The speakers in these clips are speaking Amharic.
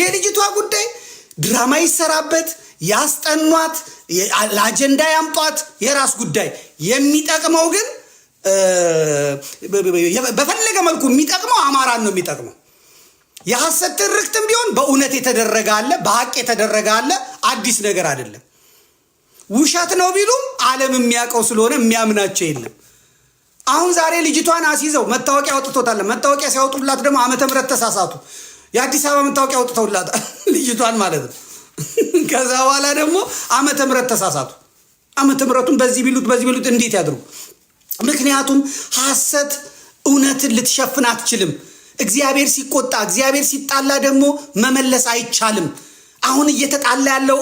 የልጅቷ ጉዳይ ድራማ ይሰራበት፣ ያስጠኗት፣ ለአጀንዳ ያምጧት፣ የራስ ጉዳይ። የሚጠቅመው ግን በፈለገ መልኩ የሚጠቅመው አማራን ነው የሚጠቅመው። የሐሰት ትርክትም ቢሆን በእውነት የተደረገ አለ፣ በሀቅ የተደረገ አለ። አዲስ ነገር አይደለም። ውሸት ነው ቢሉም ዓለም የሚያውቀው ስለሆነ የሚያምናቸው የለም። አሁን ዛሬ ልጅቷን አስይዘው መታወቂያ አውጥቶታል። መታወቂያ ሲያወጡላት ደግሞ ዓመተ ምሕረት ተሳሳቱ። የአዲስ አበባ መታወቂያ አውጥተውላታል ልጅቷን ማለት ነው። ከዛ በኋላ ደግሞ አመተ ምህረት ተሳሳቱ። አመተ ምህረቱን በዚህ ቢሉት በዚህ ቢሉት እንዴት ያድርጉ? ምክንያቱም ሐሰት እውነትን ልትሸፍን አትችልም። እግዚአብሔር ሲቆጣ፣ እግዚአብሔር ሲጣላ ደግሞ መመለስ አይቻልም። አሁን እየተጣላ ያለው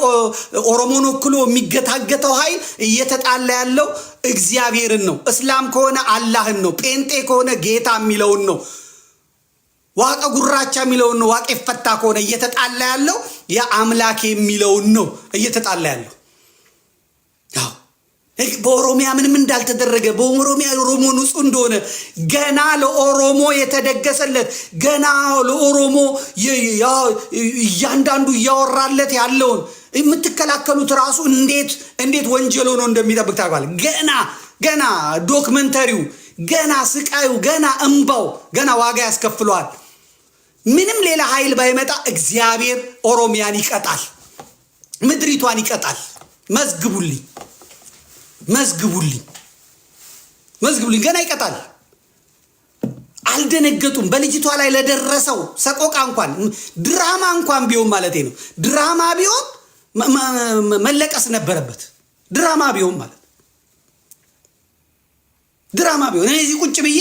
ኦሮሞን ወክሎ የሚገታገተው ኃይል እየተጣላ ያለው እግዚአብሔርን ነው። እስላም ከሆነ አላህን ነው። ጴንጤ ከሆነ ጌታ የሚለውን ነው። ዋቀ ጉራቻ የሚለውን ነው። ዋቄ ፈታ ከሆነ እየተጣላ ያለው ያ አምላክ የሚለውን ነው እየተጣላ ያለው። በኦሮሚያ ምንም እንዳልተደረገ በኦሮሚያ ኦሮሞ ንጹህ እንደሆነ ገና ለኦሮሞ የተደገሰለት ገና ለኦሮሞ እያንዳንዱ እያወራለት ያለውን የምትከላከሉት ራሱ እንዴት እንዴት ወንጀል ሆኖ እንደሚጠብቅ ታውቃለህ። ገና ገና ዶክመንተሪው ገና ስቃዩ ገና እምባው ገና ዋጋ ያስከፍለዋል። ምንም ሌላ ኃይል ባይመጣ እግዚአብሔር ኦሮሚያን ይቀጣል፣ ምድሪቷን ይቀጣል። መዝግቡልኝ፣ መዝግቡልኝ፣ መዝግቡልኝ። ገና ይቀጣል። አልደነገጡም። በልጅቷ ላይ ለደረሰው ሰቆቃ እንኳን ድራማ እንኳን ቢሆን ማለት ነው ድራማ ቢሆን መለቀስ ነበረበት። ድራማ ቢሆን ማለት ድራማ ቢሆን እዚህ ቁጭ ብዬ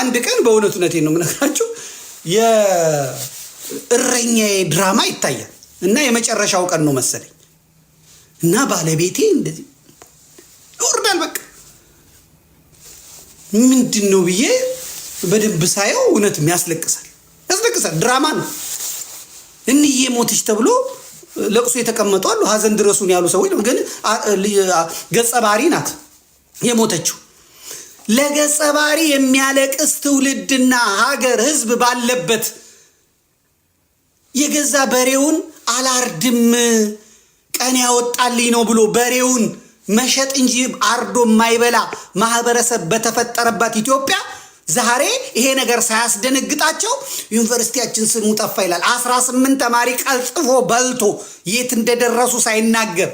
አንድ ቀን በእውነቱ እውነቴን ነው የምነግራችሁ የእረኛ ድራማ ይታያል እና የመጨረሻው ቀን ነው መሰለኝ እና ባለቤቴ እንደዚህ ይወርዳል። በቃ ምንድን ነው ብዬ በደንብ ሳየው እውነትም ያስለቅሳል፣ ያስለቅሳል። ድራማ ነው። እንዬ ሞተች ተብሎ ለቅሶ የተቀመጡ አሉ። ሀዘን ድረሱን ያሉ ሰዎች ግን ገጸ ባህሪ ናት የሞተችው ለገጸ ባህሪ የሚያለቅስ ትውልድና ሀገር ህዝብ ባለበት የገዛ በሬውን አላርድም ቀን ያወጣልኝ ነው ብሎ በሬውን መሸጥ እንጂ አርዶ የማይበላ ማህበረሰብ በተፈጠረባት ኢትዮጵያ ዛሬ ይሄ ነገር ሳያስደነግጣቸው ዩኒቨርሲቲያችን ስሙ ጠፋ ይላል። አስራ ስምንት ተማሪ ቀልጥፎ በልቶ የት እንደደረሱ ሳይናገር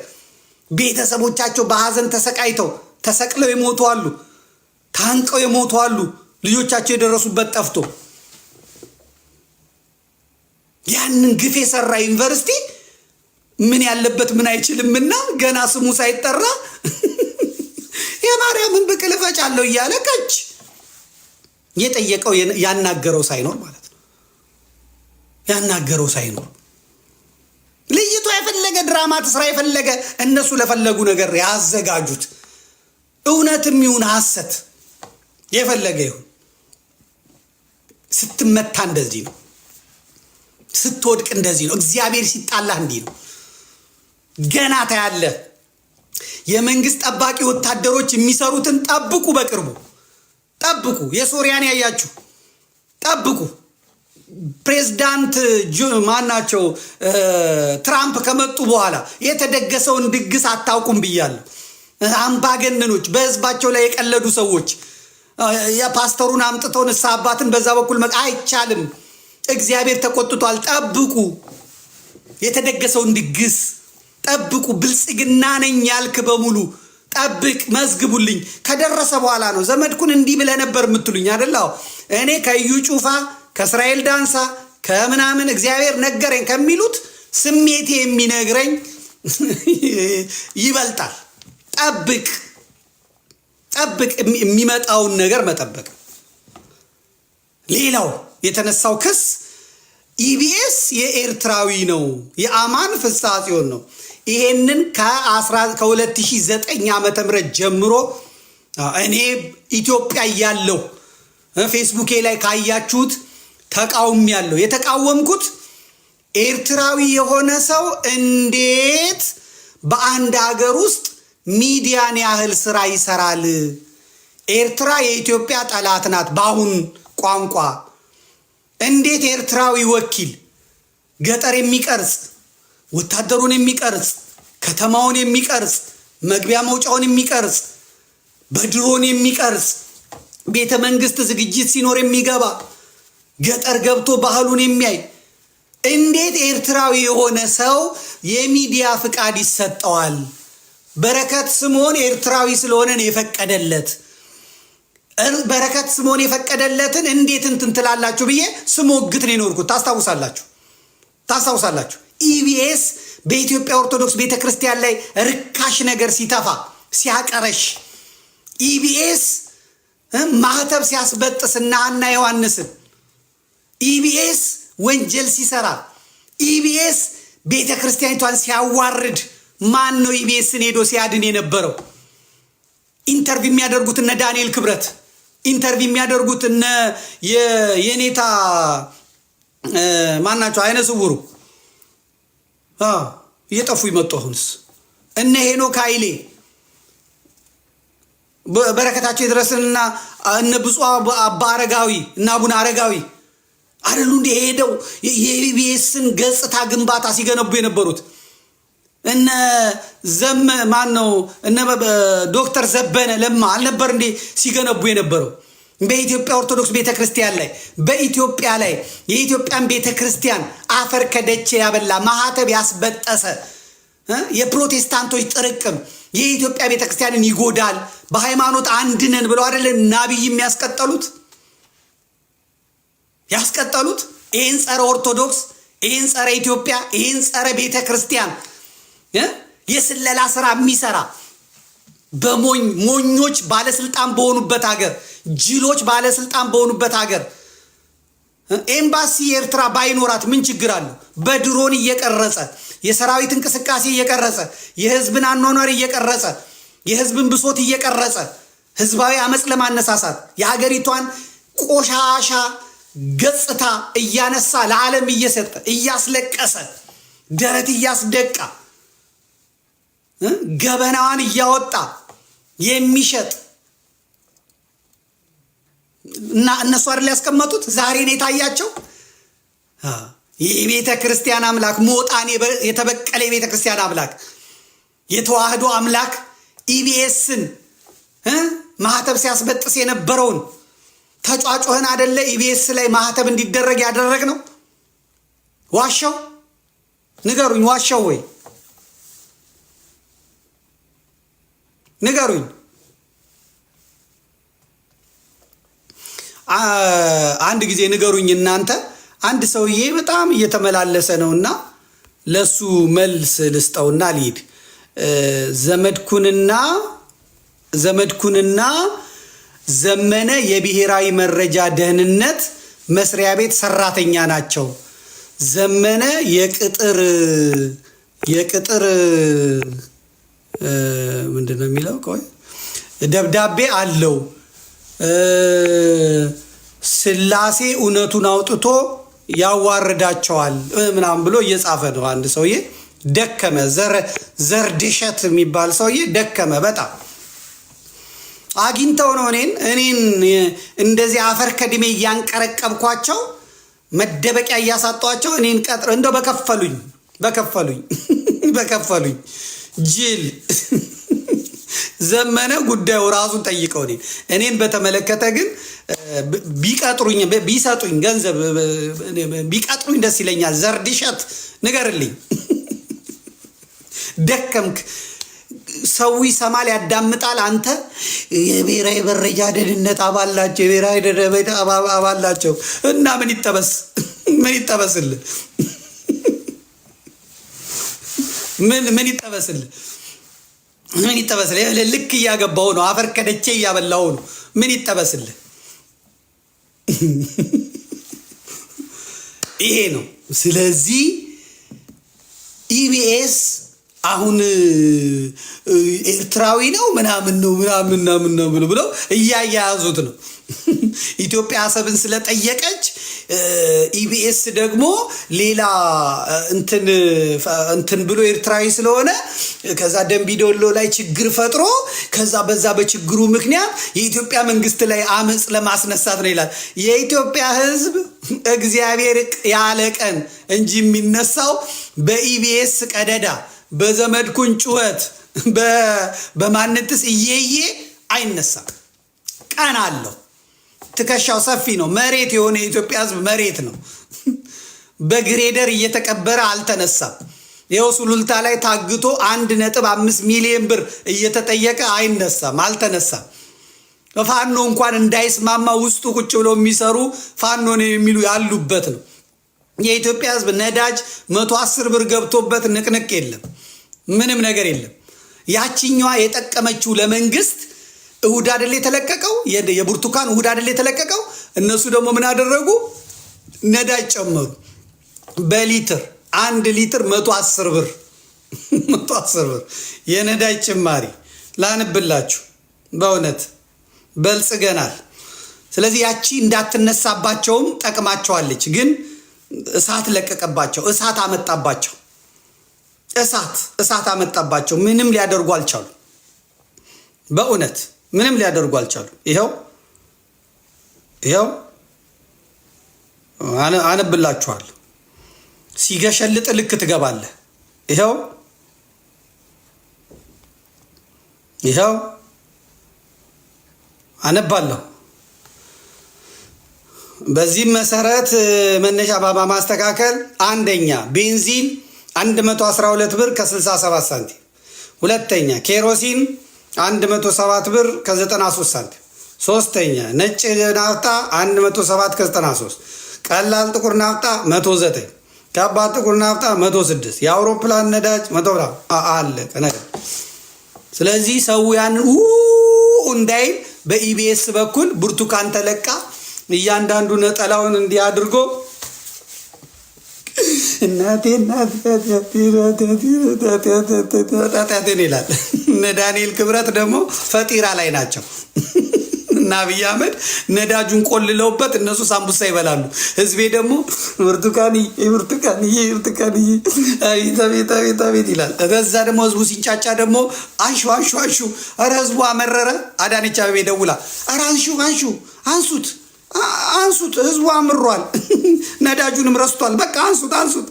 ቤተሰቦቻቸው በሀዘን ተሰቃይተው ተሰቅለው ይሞቱ አሉ። ታንቀው የሞቱ አሉ፣ ልጆቻቸው የደረሱበት ጠፍቶ። ያንን ግፍ የሰራ ዩኒቨርሲቲ ምን ያለበት ምን አይችልምና ገና ስሙ ሳይጠራ የማርያምን ብቅል እፈጫለሁ እያለ ቀች የጠየቀው ያናገረው ሳይኖር ማለት ነው። ያናገረው ሳይኖር ልይቷ የፈለገ ድራማ ትስራ የፈለገ እነሱ ለፈለጉ ነገር ያዘጋጁት እውነትም ይሁን ሐሰት የፈለገ ይሁን ስትመታ እንደዚህ ነው። ስትወድቅ እንደዚህ ነው። እግዚአብሔር ሲጣላህ እንዲህ ነው። ገና ታያለህ። የመንግስት ጠባቂ ወታደሮች የሚሰሩትን ጠብቁ። በቅርቡ ጠብቁ። የሶሪያን ያያችሁ ጠብቁ። ፕሬዝዳንት ማናቸው ትራምፕ ከመጡ በኋላ የተደገሰውን ድግስ አታውቁም ብያለሁ። አምባገነኖች፣ በህዝባቸው ላይ የቀለዱ ሰዎች የፓስተሩን አምጥተው ንስሐ አባትን በዛ በኩል አይቻልም። እግዚአብሔር ተቆጥቷል። ጠብቁ የተደገሰውን ድግስ ጠብቁ። ብልጽግና ነኝ ያልክ በሙሉ ጠብቅ፣ መዝግቡልኝ። ከደረሰ በኋላ ነው ዘመድኩን እንዲህ ብለህ ነበር የምትሉኝ አደላው። እኔ ከእዩ ጩፋ ከእስራኤል ዳንሳ ከምናምን እግዚአብሔር ነገረኝ ከሚሉት ስሜቴ የሚነግረኝ ይበልጣል። ጠብቅ። ጠብቅ፣ የሚመጣውን ነገር መጠበቅ። ሌላው የተነሳው ክስ ኢቢኤስ የኤርትራዊ ነው፣ የአማን ፍሳጽዮን ነው። ይሄንን ከ2009 ዓ ም ጀምሮ እኔ ኢትዮጵያ እያለሁ ፌስቡኬ ላይ ካያችሁት ተቃውም ያለው የተቃወምኩት ኤርትራዊ የሆነ ሰው እንዴት በአንድ ሀገር ውስጥ ሚዲያን ያህል ስራ ይሰራል። ኤርትራ የኢትዮጵያ ጠላት ናት። በአሁን ቋንቋ እንዴት ኤርትራዊ ወኪል ገጠር የሚቀርጽ ወታደሩን የሚቀርጽ ከተማውን የሚቀርጽ መግቢያ መውጫውን የሚቀርጽ በድሮን የሚቀርጽ ቤተ መንግስት ዝግጅት ሲኖር የሚገባ ገጠር ገብቶ ባህሉን የሚያይ እንዴት ኤርትራዊ የሆነ ሰው የሚዲያ ፍቃድ ይሰጠዋል? በረከት ስምዖን ኤርትራዊ ስለሆነ ነው የፈቀደለት። በረከት ስምዖን የፈቀደለትን እንዴት እንትን ትላላችሁ ብዬ ስሞግት ነው የኖርኩት። ታስታውሳላችሁ ታስታውሳላችሁ ኢቢኤስ በኢትዮጵያ ኦርቶዶክስ ቤተ ክርስቲያን ላይ ርካሽ ነገር ሲተፋ ሲያቀረሽ ኢቢኤስ ማህተብ ሲያስበጥስና ሐና ዮሐንስን ኢቢኤስ ወንጀል ሲሰራ ኢቢኤስ ቤተ ክርስቲያኒቷን ሲያዋርድ ማን ነው ኢቢኤስን ሄዶ ሲያድን የነበረው? ኢንተርቪው የሚያደርጉት እነ ዳንኤል ክብረት፣ ኢንተርቪው የሚያደርጉት እነ የኔታ ማናቸው አይነ ስውሩ እየጠፉ ይመጡ። አሁንስ እነ ሄኖ ኃይሌ በረከታቸው የደረሰንና እነ ብፁ አባ አረጋዊ እና አቡነ አረጋዊ አደሉ እንዲህ ሄደው የኢቢኤስን ገጽታ ግንባታ ሲገነቡ የነበሩት እነ ዘመ ማን ነው እነ ዶክተር ዘበነ ለማ አልነበር እንዴ ሲገነቡ የነበረው በኢትዮጵያ ኦርቶዶክስ ቤተክርስቲያን ላይ በኢትዮጵያ ላይ የኢትዮጵያን ቤተክርስቲያን አፈር ከደቼ ያበላ ማህተብ ያስበጠሰ የፕሮቴስታንቶች ጥርቅም የኢትዮጵያ ቤተክርስቲያንን ይጎዳል። በሃይማኖት አንድነን ብለው አደለ ናብይ የሚያስቀጠሉት ያስቀጠሉት ይህን ጸረ ኦርቶዶክስ ይህን ጸረ ኢትዮጵያ ይህን ጸረ ቤተክርስቲያን የስለላ ስራ የሚሰራ በሞኝ ሞኞች ባለስልጣን በሆኑበት ሀገር፣ ጅሎች ባለስልጣን በሆኑበት ሀገር ኤምባሲ የኤርትራ ባይኖራት ምን ችግር አለው? በድሮን እየቀረጸ የሰራዊት እንቅስቃሴ እየቀረጸ የህዝብን አኗኗር እየቀረጸ የህዝብን ብሶት እየቀረጸ ህዝባዊ አመፅ ለማነሳሳት የሀገሪቷን ቆሻሻ ገጽታ እያነሳ ለዓለም እየሰጠ እያስለቀሰ ደረት እያስደቃ ገበናዋን እያወጣ የሚሸጥ እና እነሱ አይደል ያስቀመጡት። ዛሬ ነው የታያቸው። የቤተ ክርስቲያን አምላክ ሞጣን የተበቀለ የቤተ ክርስቲያን አምላክ የተዋህዶ አምላክ ኢቢኤስን ማህተብ ሲያስበጥስ የነበረውን ተጫጮህን አደለ ኢቢኤስ ላይ ማህተብ እንዲደረግ ያደረግ ነው። ዋሻው ንገሩኝ፣ ዋሻው ወይ ንገሩኝ። አንድ ጊዜ ንገሩኝ እናንተ። አንድ ሰውዬ በጣም እየተመላለሰ ነውና ለሱ መልስ ልስጠውና ልሂድ። ዘመድኩንና ዘመድኩንና ዘመነ የብሔራዊ መረጃ ደህንነት መስሪያ ቤት ሰራተኛ ናቸው። ዘመነ የቅጥር የቅጥር ምንድነው የሚለው? ቆይ ደብዳቤ አለው ስላሴ እውነቱን አውጥቶ ያዋርዳቸዋል ምናምን ብሎ እየጻፈ ነው አንድ ሰውዬ። ደከመ ዘርድሸት የሚባል ሰውዬ ደከመ በጣም አግኝተው ነው እኔን እኔን እንደዚህ አፈር ከድሜ እያንቀረቀብኳቸው መደበቂያ እያሳጧቸው እኔን ቀጥረ እንደው በከፈሉኝ በከፈሉኝ በከፈሉኝ ጅል ዘመነ ጉዳዩ ራሱን ጠይቀው። እኔ እኔን በተመለከተ ግን ቢቀጥሩኝ ቢሰጡኝ ገንዘብ ቢቀጥሩኝ ደስ ይለኛል። ዘርድሸት ንገርልኝ። ደከምክ። ሰው ይሰማል፣ ያዳምጣል። አንተ የብሔራዊ መረጃ ደህንነት አባል ናቸው፣ የብሔራዊ ደህንነት አባል ናቸው እና ምን ይጠበስ ምን ይጠበስልህ? ምን ምን ይጠበስል? ምን ይጠበስል? ልክ እያገባው ነው። አፈር ከደቼ እያበላው ነው። ምን ይጠበስል? ይሄ ነው። ስለዚህ ኢቢኤስ አሁን ኤርትራዊ ነው ምናምን ነው ምናምን ምናምን ነው ብሎ ብለው እያያያዙት ነው። ኢትዮጵያ አሰብን ስለጠየቀች ኢቢኤስ ደግሞ ሌላ እንትን ብሎ ኤርትራዊ ስለሆነ ከዛ ደንቢ ላይ ችግር ፈጥሮ ከዛ በዛ በችግሩ ምክንያት የኢትዮጵያ መንግስት ላይ አመፅ ለማስነሳት ነው ይላል። የኢትዮጵያ ሕዝብ እግዚአብሔር ያለ ቀን እንጂ የሚነሳው በኢቢኤስ ቀደዳ፣ በዘመድኩን ጩኸት፣ በማንትስ እየዬ አይነሳም። ቀን አለው። ትከሻው ሰፊ ነው። መሬት የሆነ የኢትዮጵያ ህዝብ መሬት ነው። በግሬደር እየተቀበረ አልተነሳም። ይኸው ሱሉልታ ላይ ታግቶ አንድ ነጥብ አምስት ሚሊዮን ብር እየተጠየቀ አይነሳም፣ አልተነሳም። ፋኖ እንኳን እንዳይስማማ ውስጡ ቁጭ ብለው የሚሰሩ ፋኖ ነው የሚሉ ያሉበት ነው። የኢትዮጵያ ህዝብ ነዳጅ መቶ አስር ብር ገብቶበት ንቅንቅ የለም፣ ምንም ነገር የለም። ያችኛዋ የጠቀመችው ለመንግስት እሁድ አደል የተለቀቀው? የብርቱካን እሁድ አደል የተለቀቀው? እነሱ ደግሞ ምን አደረጉ? ነዳጅ ጨመሩ። በሊትር አንድ ሊትር መቶ አስር ብር መቶ አስር ብር የነዳጅ ጭማሪ ላንብላችሁ። በእውነት በልጽገናል። ስለዚህ ያቺ እንዳትነሳባቸውም ጠቅማቸዋለች። ግን እሳት ለቀቀባቸው፣ እሳት አመጣባቸው፣ እሳት እሳት አመጣባቸው። ምንም ሊያደርጉ አልቻሉ በእውነት ምንም ሊያደርጉ አልቻሉ። ይኸው ይኸው አነብላችኋል። ሲገሸልጥ ልክ ትገባለህ። ይኸው ይኸው አነባለሁ። በዚህም መሰረት መነሻ ባባ ማስተካከል አንደኛ ቤንዚን 112 ብር ከ67 ሳንቲም፣ ሁለተኛ ኬሮሲን አንድ መቶ ሰባት ብር ከዘጠና ሶስት ሳንቲም። ሶስተኛ ነጭ ናፍጣ አንድ መቶ ሰባት ከዘጠና ሶስት ቀላል ጥቁር ናፍጣ መቶ ዘጠኝ ከባድ ጥቁር ናፍጣ መቶ ስድስት የአውሮፕላን ነዳጅ መቶ አለቀ ነገር። ስለዚህ ሰው ው እንዳይል በኢቢኤስ በኩል ብርቱካን ተለቃ እያንዳንዱ ነጠላውን እንዲያድርጎ አድርጎ እናቴ ይላል። እነ ዳንኤል ክብረት ደግሞ ፈጢራ ላይ ናቸው እና አብይ አህመድ ነዳጁን ቆልለውበት እነሱ ሳምቡሳ ይበላሉ። ህዝቤ ደግሞ ብርቱካንዬ ብርቱካንዬ ብርቱካንዬ አቤት አቤት አቤት አቤት ይላል። ከዛ ደግሞ ህዝቡ ሲንጫጫ ደግሞ አንሹ አንሹ አንሹ፣ ኧረ ህዝቡ አመረረ። አዳነች አቤቤ ደውላ ኧረ አንሹ አንሹ፣ አንሱት አንሱት፣ ህዝቡ አምሯል። ነዳጁንም ረስቷል። በቃ አንሱት አንሱት።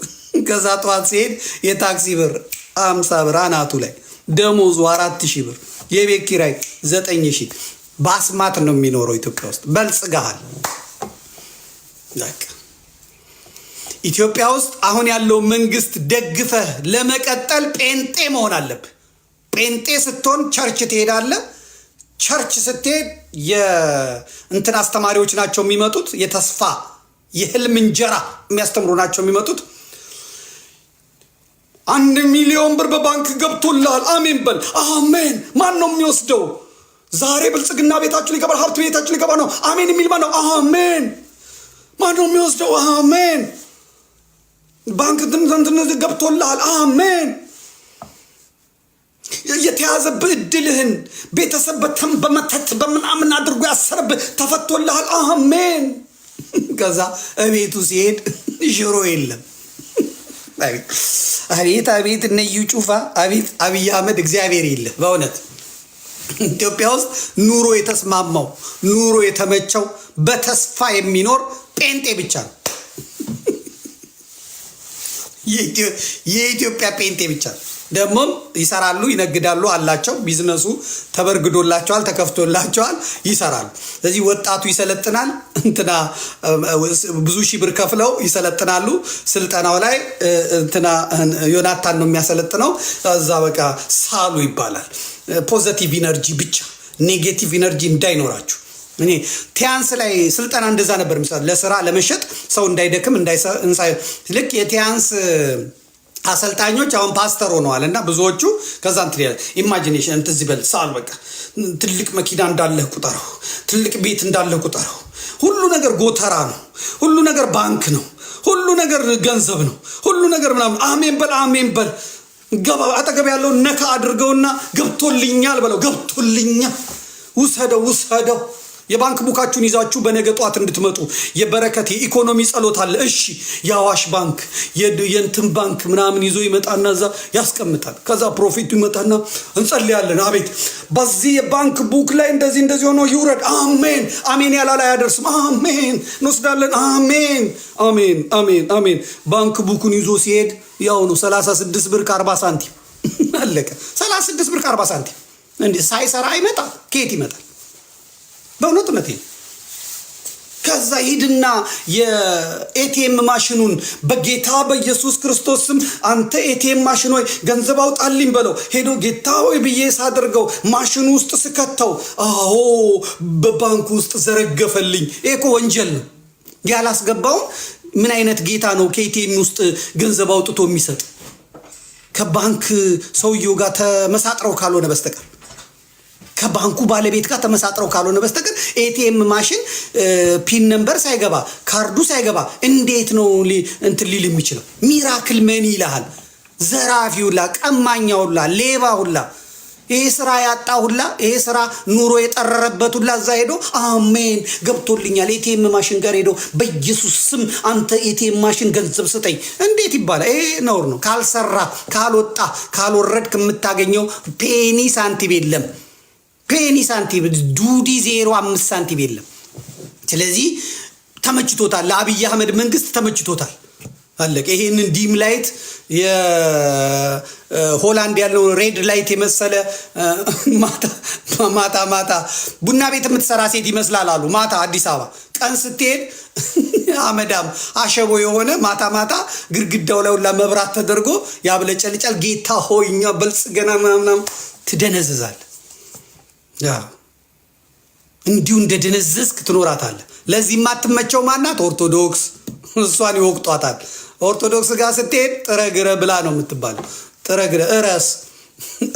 ከዛ ጠዋት ሲሄድ የታክሲ ብር አምሳ ብር አናቱ ላይ ደሞዙ አራት ሺህ ብር የቤት ኪራይ ዘጠኝ ሺህ በአስማት ነው የሚኖረው ኢትዮጵያ ውስጥ በልጽገሃል። ኢትዮጵያ ውስጥ አሁን ያለው መንግስት ደግፈህ ለመቀጠል ጴንጤ መሆን አለብህ። ጴንጤ ስትሆን ቸርች ትሄዳለህ። ቸርች ስትሄድ የእንትን አስተማሪዎች ናቸው የሚመጡት የተስፋ የህልም እንጀራ የሚያስተምሩ ናቸው የሚመጡት። አንድ ሚሊዮን ብር በባንክ ገብቶልሃል። አሜን በል። አሜን። ማን ነው የሚወስደው? ዛሬ ብልጽግና ቤታችን ሊገባ ሀብት ቤታችን ሊገባ ነው። አሜን የሚል ማን ነው? አሜን። ማን ነው የሚወስደው? አሜን። ባንክ እንትን ገብቶልሃል። አሜን። የተያዘብህ እድልህን ቤተሰብ በመተት በምናምን አድርጎ ያሰርብህ ተፈቶልሃል። አሜን። ከዛ እቤቱ ሲሄድ ሽሮ የለም። አቤት አቤት፣ እነዩ ጩፋ አቤት፣ አብይ አህመድ እግዚአብሔር የለ። በእውነት ኢትዮጵያ ውስጥ ኑሮ የተስማማው ኑሮ የተመቸው በተስፋ የሚኖር ጴንጤ ብቻ ነው። የኢትዮጵያ ጴንጤ ብቻ ነው። ደግሞም ይሰራሉ፣ ይነግዳሉ፣ አላቸው። ቢዝነሱ ተበርግዶላቸዋል፣ ተከፍቶላቸዋል፣ ይሰራሉ። ስለዚህ ወጣቱ ይሰለጥናል። እንትና ብዙ ሺህ ብር ከፍለው ይሰለጥናሉ። ስልጠናው ላይ እንትና ዮናታን ነው የሚያሰለጥነው። እዛ በቃ ሳሉ ይባላል። ፖዘቲቭ ኢነርጂ ብቻ ኔጌቲቭ ኢነርጂ እንዳይኖራችሁ እኔ ቲያንስ ላይ ስልጠና እንደዛ ነበር ለስራ ለመሸጥ ሰው እንዳይደክም ልክ የቲያንስ አሰልጣኞች አሁን ፓስተር ሆነዋል እና ብዙዎቹ ከዛ እንትን ኢማጂኔሽን እንትን እዚህ ሳል በቃ ትልቅ መኪና እንዳለህ ቁጠረው፣ ትልቅ ቤት እንዳለህ ቁጠረው። ሁሉ ነገር ጎተራ ነው፣ ሁሉ ነገር ባንክ ነው፣ ሁሉ ነገር ገንዘብ ነው፣ ሁሉ ነገር ምናምን። አሜን በል አሜን በል ገባ አጠገብ ያለው ነካ አድርገውና ገብቶልኛል በለው ገብቶልኛል፣ ውሰደው ውሰደው የባንክ ቡካችሁን ይዛችሁ በነገ ጠዋት እንድትመጡ የበረከት የኢኮኖሚ ጸሎት አለ። እሺ የአዋሽ ባንክ የእንትን ባንክ ምናምን ይዞ ይመጣና እዛ ያስቀምጣል። ከዛ ፕሮፊቱ ይመጣና እንጸልያለን። አቤት በዚህ የባንክ ቡክ ላይ እንደዚህ እንደዚህ ሆኖ ይውረድ። አሜን አሜን። ያላላ አያደርስም። አሜን እንወስዳለን። አሜን አሜን አሜን አሜን። ባንክ ቡኩን ይዞ ሲሄድ ያው ነው 36 ብር ከ40 ሳንቲም አለቀ። 36 ብር ከ40 ሳንቲም እንዲህ ሳይሰራ ይመጣል። ከየት ይመጣል? በእውነት እውነቴ። ከዛ ሂድና የኤቲኤም ማሽኑን በጌታ በኢየሱስ ክርስቶስ ስም አንተ ኤቲኤም ማሽን ሆይ ገንዘብ አውጣልኝ በለው። ሄዶ ጌታ ሆይ ብዬ ሳደርገው ማሽኑ ውስጥ ስከተው፣ አዎ በባንኩ ውስጥ ዘረገፈልኝ። ኤኮ ወንጀል ነው። ያላስገባውን ምን አይነት ጌታ ነው ከኤቲኤም ውስጥ ገንዘብ አውጥቶ የሚሰጥ? ከባንክ ሰውየው ጋር ተመሳጥረው ካልሆነ በስተቀር ከባንኩ ባለቤት ጋር ተመሳጥረው ካልሆነ በስተቀር ኤቲኤም ማሽን ፒን ነምበር ሳይገባ ካርዱ ሳይገባ እንዴት ነው እንትን ሊል የሚችለው? ሚራክል መኒ ይልሃል። ዘራፊ ሁላ፣ ቀማኛ ሁላ፣ ሌባ ሁላ፣ ይሄ ስራ ያጣ ሁላ፣ ይሄ ስራ ኑሮ የጠረረበት ሁላ እዛ ሄዶ አሜን ገብቶልኛል ኤቲኤም ማሽን ጋር ሄዶ በኢየሱስ ስም አንተ ኤቲኤም ማሽን ገንዘብ ስጠኝ እንዴት ይባላል? ይሄ ነውር ነው። ካልሰራ፣ ካልወጣ፣ ካልወረድክ የምታገኘው ፔኒ ሳንቲም የለም። ፔኒ ሳንቲም ዱዲ ዜሮ አምስት ሳንቲም የለም። ስለዚህ ተመችቶታል። ለአብይ አህመድ መንግስት ተመችቶታል። አለቀ። ይሄንን ዲም ላይት የሆላንድ ያለውን ሬድ ላይት የመሰለ ማታ ማታ ቡና ቤት የምትሰራ ሴት ይመስላል አሉ። ማታ አዲስ አበባ፣ ቀን ስትሄድ አመዳም አሸቦ የሆነ ማታ ማታ ግድግዳው ላይ ሁላ መብራት ተደርጎ ያብለጨልጫል። ጌታ ሆኛ በልጽገና ምናምናም ትደነዝዛል። እንዲሁ እንደደነዘዝክ ትኖራታለህ። ለዚህ የማትመቸው ማናት? ኦርቶዶክስ። እሷን ይወቅጧታል። ኦርቶዶክስ ጋር ስትሄድ ጥረ ግረ ብላ ነው የምትባለው። ጥረ ግረ እረስ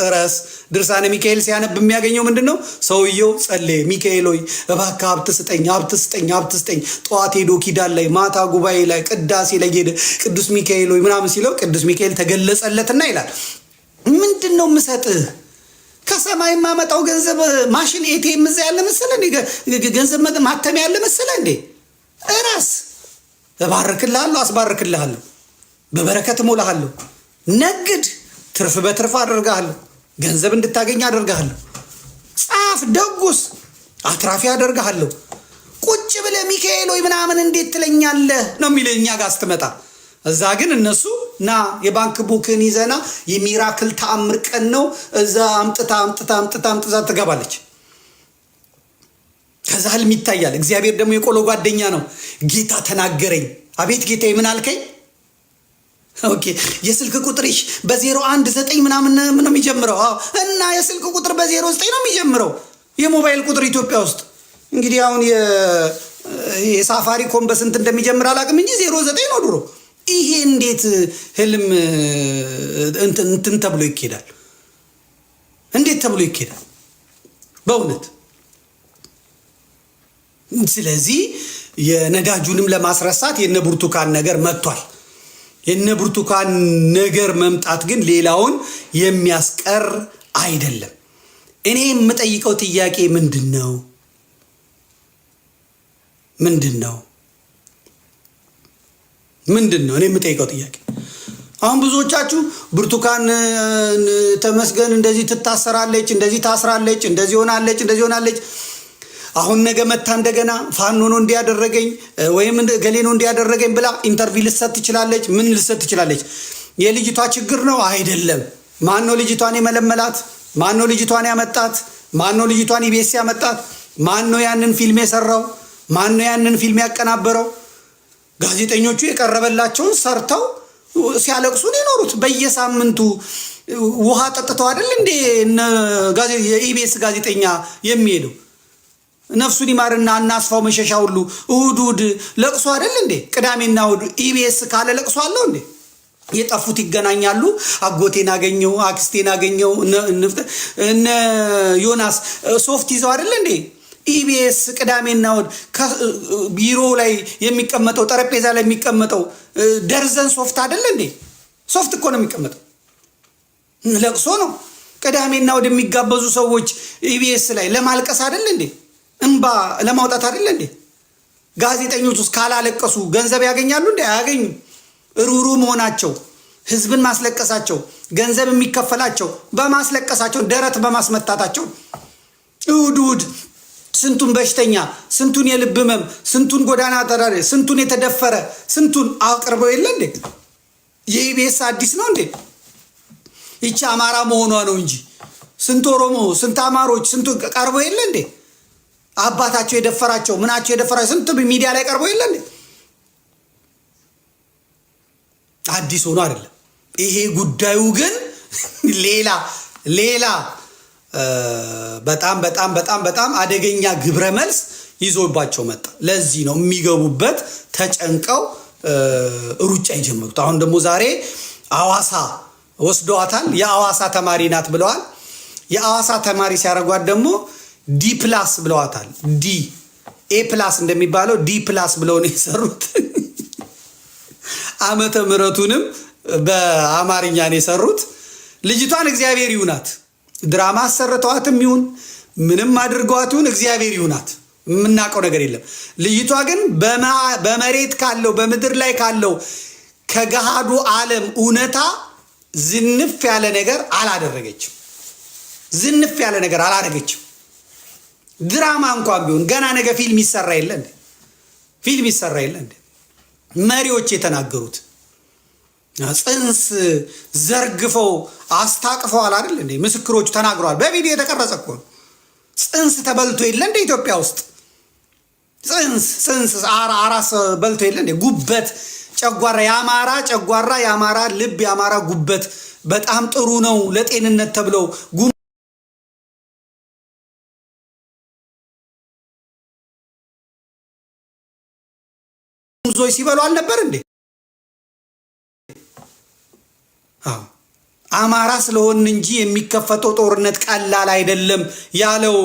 እረስ ድርሳነ ሚካኤል ሲያነብ የሚያገኘው ምንድን ነው? ሰውየው ጸሌ ሚካኤል ሆይ እባክህ ሀብት ስጠኝ፣ ሀብት ስጠኝ፣ ሀብት ስጠኝ። ጠዋት ሄዶ ኪዳን ላይ፣ ማታ ጉባኤ ላይ፣ ቅዳሴ ላይ ሄደ ቅዱስ ሚካኤል ሆይ ምናምን ሲለው ቅዱስ ሚካኤል ተገለጸለትና ይላል ምንድን ነው የምሰጥህ ከሰማይ የማመጣው ገንዘብ ማሽን ኤቴ እዛ ያለ መሰለ ገንዘብ ማተም ያለ መሰለ እንዴ? እራስ እባርክልሃለሁ፣ አስባርክልሃለሁ፣ በበረከት እሞልሃለሁ፣ ነግድ፣ ትርፍ በትርፍ አደርግሃለሁ፣ ገንዘብ እንድታገኝ አደርግሃለሁ፣ ጻፍ፣ ደጉስ፣ አትራፊ አደርግሃለሁ። ቁጭ ብለ ሚካኤል ወይ ምናምን እንዴት ትለኛለህ ነው የሚለኝ ጋር ስትመጣ። እዛ ግን እነሱ ና የባንክ ቡክን ይዘና የሚራክል ተአምር ቀን ነው። እዛ አምጥታ አምጥታ አምጥታ አምጥታ ትገባለች። ከዛ ህልም ይታያል። እግዚአብሔር ደግሞ የቆሎ ጓደኛ ነው። ጌታ ተናገረኝ። አቤት ጌታ ምን አልከኝ? ኦኬ የስልክ ቁጥርሽ በዜሮ አንድ ዘጠኝ ምናምን ነው የሚጀምረው እና የስልክ ቁጥር በዜሮ ዘጠኝ ነው የሚጀምረው የሞባይል ቁጥር ኢትዮጵያ ውስጥ እንግዲህ አሁን የሳፋሪኮም በስንት እንደሚጀምር አላውቅም እንጂ ዜሮ ዘጠኝ ነው ድሮ ይሄ እንዴት ህልም እንትን ተብሎ ይኬዳል? እንዴት ተብሎ ይኬዳል? በእውነት ስለዚህ የነዳጁንም ለማስረሳት የነ ብርቱካን ነገር መጥቷል። የነ ብርቱካን ነገር መምጣት ግን ሌላውን የሚያስቀር አይደለም። እኔ የምጠይቀው ጥያቄ ምንድን ነው? ምንድን ነው ምንድን ነው? እኔ የምጠይቀው ጥያቄ አሁን ብዙዎቻችሁ ብርቱካን ተመስገን እንደዚህ ትታሰራለች፣ እንደዚህ ታስራለች፣ እንደዚህ ሆናለች፣ እንደዚህ ሆናለች፣ አሁን ነገ መታ እንደገና ፋኖ ነው እንዲያደረገኝ ወይም ገሌ ነው እንዲያደረገኝ ብላ ኢንተርቪው ልሰጥ ትችላለች፣ ምን ልሰጥ ትችላለች። የልጅቷ ችግር ነው አይደለም። ማን ነው ልጅቷን የመለመላት? ማን ነው ልጅቷን ያመጣት? ማን ነው ልጅቷን ኢቢኤስ ያመጣት? ማን ነው ያንን ፊልም የሰራው? ማን ነው ያንን ፊልም ያቀናበረው? ጋዜጠኞቹ የቀረበላቸውን ሰርተው ሲያለቅሱን የኖሩት በየሳምንቱ ውሃ ጠጥተው አይደል እንዴ የኢቢኤስ ጋዜጠኛ የሚሄደው ነፍሱን ይማርና እናስፋው መሸሻ ሁሉ እሁድ እሁድ ለቅሶ አይደል እንዴ ቅዳሜና እሁድ ኢቢኤስ ካለ ለቅሶ አለው እንዴ የጠፉት ይገናኛሉ አጎቴን አገኘው አክስቴን አገኘው እነ ዮናስ ሶፍት ይዘው አይደል እንዴ ኢቢኤስ ቅዳሜና እሑድ ቢሮ ላይ የሚቀመጠው ጠረጴዛ ላይ የሚቀመጠው ደርዘን ሶፍት አይደለ እንዴ? ሶፍት እኮ ነው የሚቀመጠው። ለቅሶ ነው ቅዳሜና እሑድ የሚጋበዙ ሰዎች ኢቢኤስ ላይ ለማልቀስ አይደለ እንዴ? እንባ ለማውጣት አይደለ እንዴ? ጋዜጠኞች ውስጥ ካላለቀሱ ገንዘብ ያገኛሉ እንዴ? አያገኙ። ሩሩ መሆናቸው ህዝብን ማስለቀሳቸው ገንዘብ የሚከፈላቸው በማስለቀሳቸው ደረት በማስመታታቸው እሑድ ስንቱን በሽተኛ፣ ስንቱን የልብ ህመም፣ ስንቱን ጎዳና ተዳዳሪ፣ ስንቱን የተደፈረ፣ ስንቱን አቅርበው የለ እንዴ? የኢቢኤስ አዲስ ነው እንዴ? ይቺ አማራ መሆኗ ነው እንጂ ስንት ኦሮሞ፣ ስንት አማሮች፣ ስንቱ ቀርቦ የለ እንዴ? አባታቸው የደፈራቸው ምናቸው የደፈራቸው ስንት ሚዲያ ላይ ቀርቦ የለ እንዴ? አዲስ ሆኖ አይደለም ይሄ ጉዳዩ ግን ሌላ ሌላ በጣም በጣም በጣም በጣም አደገኛ ግብረ መልስ ይዞባቸው መጣ። ለዚህ ነው የሚገቡበት ተጨንቀው ሩጫ የጀመሩት። አሁን ደግሞ ዛሬ አዋሳ ወስደዋታል። የአዋሳ ተማሪ ናት ብለዋል። የአዋሳ ተማሪ ሲያደርጓት ደግሞ ዲ ፕላስ ብለዋታል። ዲ ኤ ፕላስ እንደሚባለው ዲ ፕላስ ብለው ነው የሰሩት። አመተ ምህረቱንም በአማርኛ ነው የሰሩት። ልጅቷን እግዚአብሔር ይውናት። ድራማ አሰርተዋትም ይሁን ምንም አድርገዋት ይሁን እግዚአብሔር ይሁናት፣ የምናውቀው ነገር የለም። ልይቷ ግን በመሬት ካለው በምድር ላይ ካለው ከገሃዱ ዓለም እውነታ ዝንፍ ያለ ነገር አላደረገችም። ዝንፍ ያለ ነገር አላደረገችም። ድራማ እንኳን ቢሆን ገና ነገ ፊልም ይሰራ የለ ፊልም ይሰራ የለ መሪዎች የተናገሩት ጽንስ ዘርግፈው አስታቅፈዋል አይደል እንዴ? ምስክሮቹ ተናግረዋል። በቪዲዮ የተቀረጸ እኮ ጽንስ ተበልቶ የለ እንደ ኢትዮጵያ ውስጥ ጽንስ ጽንስ አራስ በልቶ የለ እንዴ? ጉበት ጨጓራ፣ የአማራ ጨጓራ፣ የአማራ ልብ፣ የአማራ ጉበት በጣም ጥሩ ነው ለጤንነት ተብለው ጉምዞች ሲበሉ አልነበር እንዴ? አማራ ስለሆን እንጂ የሚከፈተው ጦርነት ቀላል አይደለም ያለው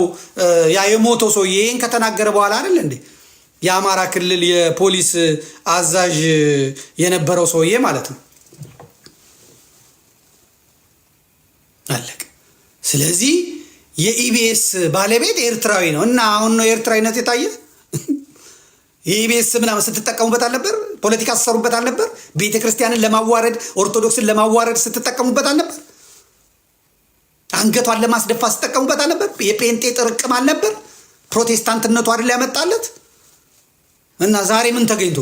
ያ የሞተው ሰው ይህን ከተናገረ በኋላ አይደል እንዴ የአማራ ክልል የፖሊስ አዛዥ የነበረው ሰውዬ ማለት ነው። አለቅ ስለዚህ የኢቢኤስ ባለቤት ኤርትራዊ ነው እና አሁን ነው የኤርትራዊነት የታየ የኢቢኤስ ምናምን ስትጠቀሙበት አልነበር? ፖለቲካ ስትሰሩበት አልነበር? ቤተ ክርስቲያንን ለማዋረድ ኦርቶዶክስን ለማዋረድ ስትጠቀሙበት አልነበር? አንገቷን ለማስደፋ ስትጠቀሙበት አልነበር? የጴንጤ ጥርቅም አልነበር? ፕሮቴስታንትነቱ አይደል ያመጣለት እና ዛሬ ምን ተገኝቶ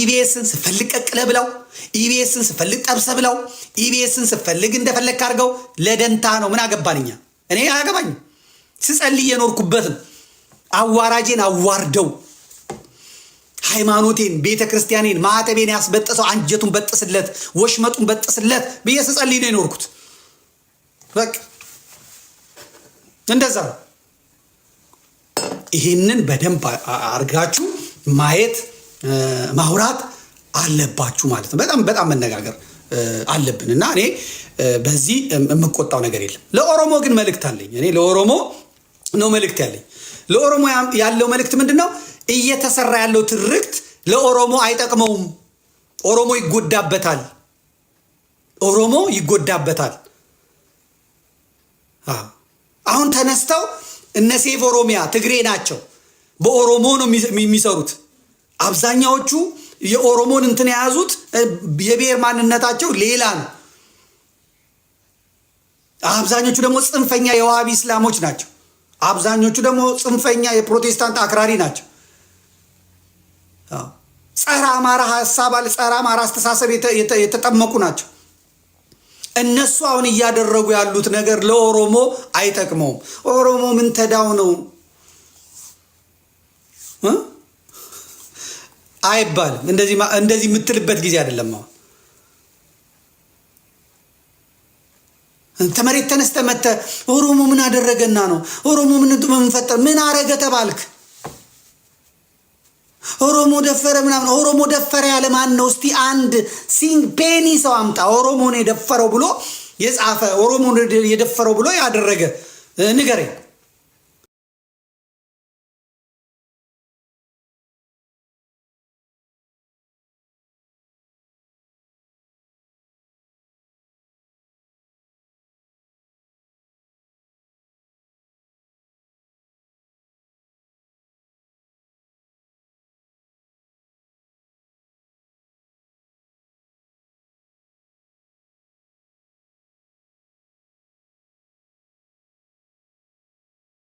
ኢቢኤስን ስፈልግ ቀቅለ ብለው፣ ኢቢኤስን ስፈልግ ጠብሰ ብለው፣ ኢቢኤስን ስፈልግ እንደፈለግ አድርገው። ለደንታ ነው ምን አገባንኛ? እኔ አያገባኝ ስጸልይ የኖርኩበትን አዋራጄን አዋርደው ሃይማኖቴን፣ ቤተ ክርስቲያኔን፣ ማዕተቤን ያስበጠሰው አንጀቱን በጥስለት፣ ወሽመጡን በጥስለት ብዬ ስጸልይ ነው የኖርኩት። በቃ እንደዛ ነው። ይህንን በደንብ አድርጋችሁ ማየት ማውራት አለባችሁ ማለት ነው። በጣም በጣም መነጋገር አለብን እና እኔ በዚህ የምቆጣው ነገር የለም። ለኦሮሞ ግን መልእክት አለኝ። እኔ ለኦሮሞ ነው መልእክት ያለኝ። ለኦሮሞ ያለው መልእክት ምንድን ነው? እየተሰራ ያለው ትርክት ለኦሮሞ አይጠቅመውም። ኦሮሞ ይጎዳበታል። ኦሮሞ ይጎዳበታል። አሁን ተነስተው እነ ሴቭ ኦሮሚያ ትግሬ ናቸው። በኦሮሞ ነው የሚሰሩት አብዛኛዎቹ። የኦሮሞን እንትን የያዙት የብሔር ማንነታቸው ሌላ ነው። አብዛኞቹ ደግሞ ጽንፈኛ የዋሃቢ እስላሞች ናቸው። አብዛኞቹ ደግሞ ጽንፈኛ የፕሮቴስታንት አክራሪ ናቸው። ጸረ አማራ ሀሳብ አለ፣ ጸረ አማራ አስተሳሰብ የተጠመቁ ናቸው። እነሱ አሁን እያደረጉ ያሉት ነገር ለኦሮሞ አይጠቅመውም። ኦሮሞ ምን ተዳው ነው አይባልም። እንደዚህ የምትልበት ጊዜ አይደለም። አሁን ተመሬት ተነስተ መተ ኦሮሞ ምን አደረገና ነው ኦሮሞ ምን ፈጠር ምን አረገ ተባልክ ኦሮሞ ደፈረ ምናምን። ኦሮሞ ደፈረ ያለ ማን ነው? እስቲ አንድ ሲን ቤኒ ሰው አምጣ። ኦሮሞን የደፈረው ብሎ የጻፈ ኦሮሞን የደፈረው ብሎ ያደረገ ንገረኝ።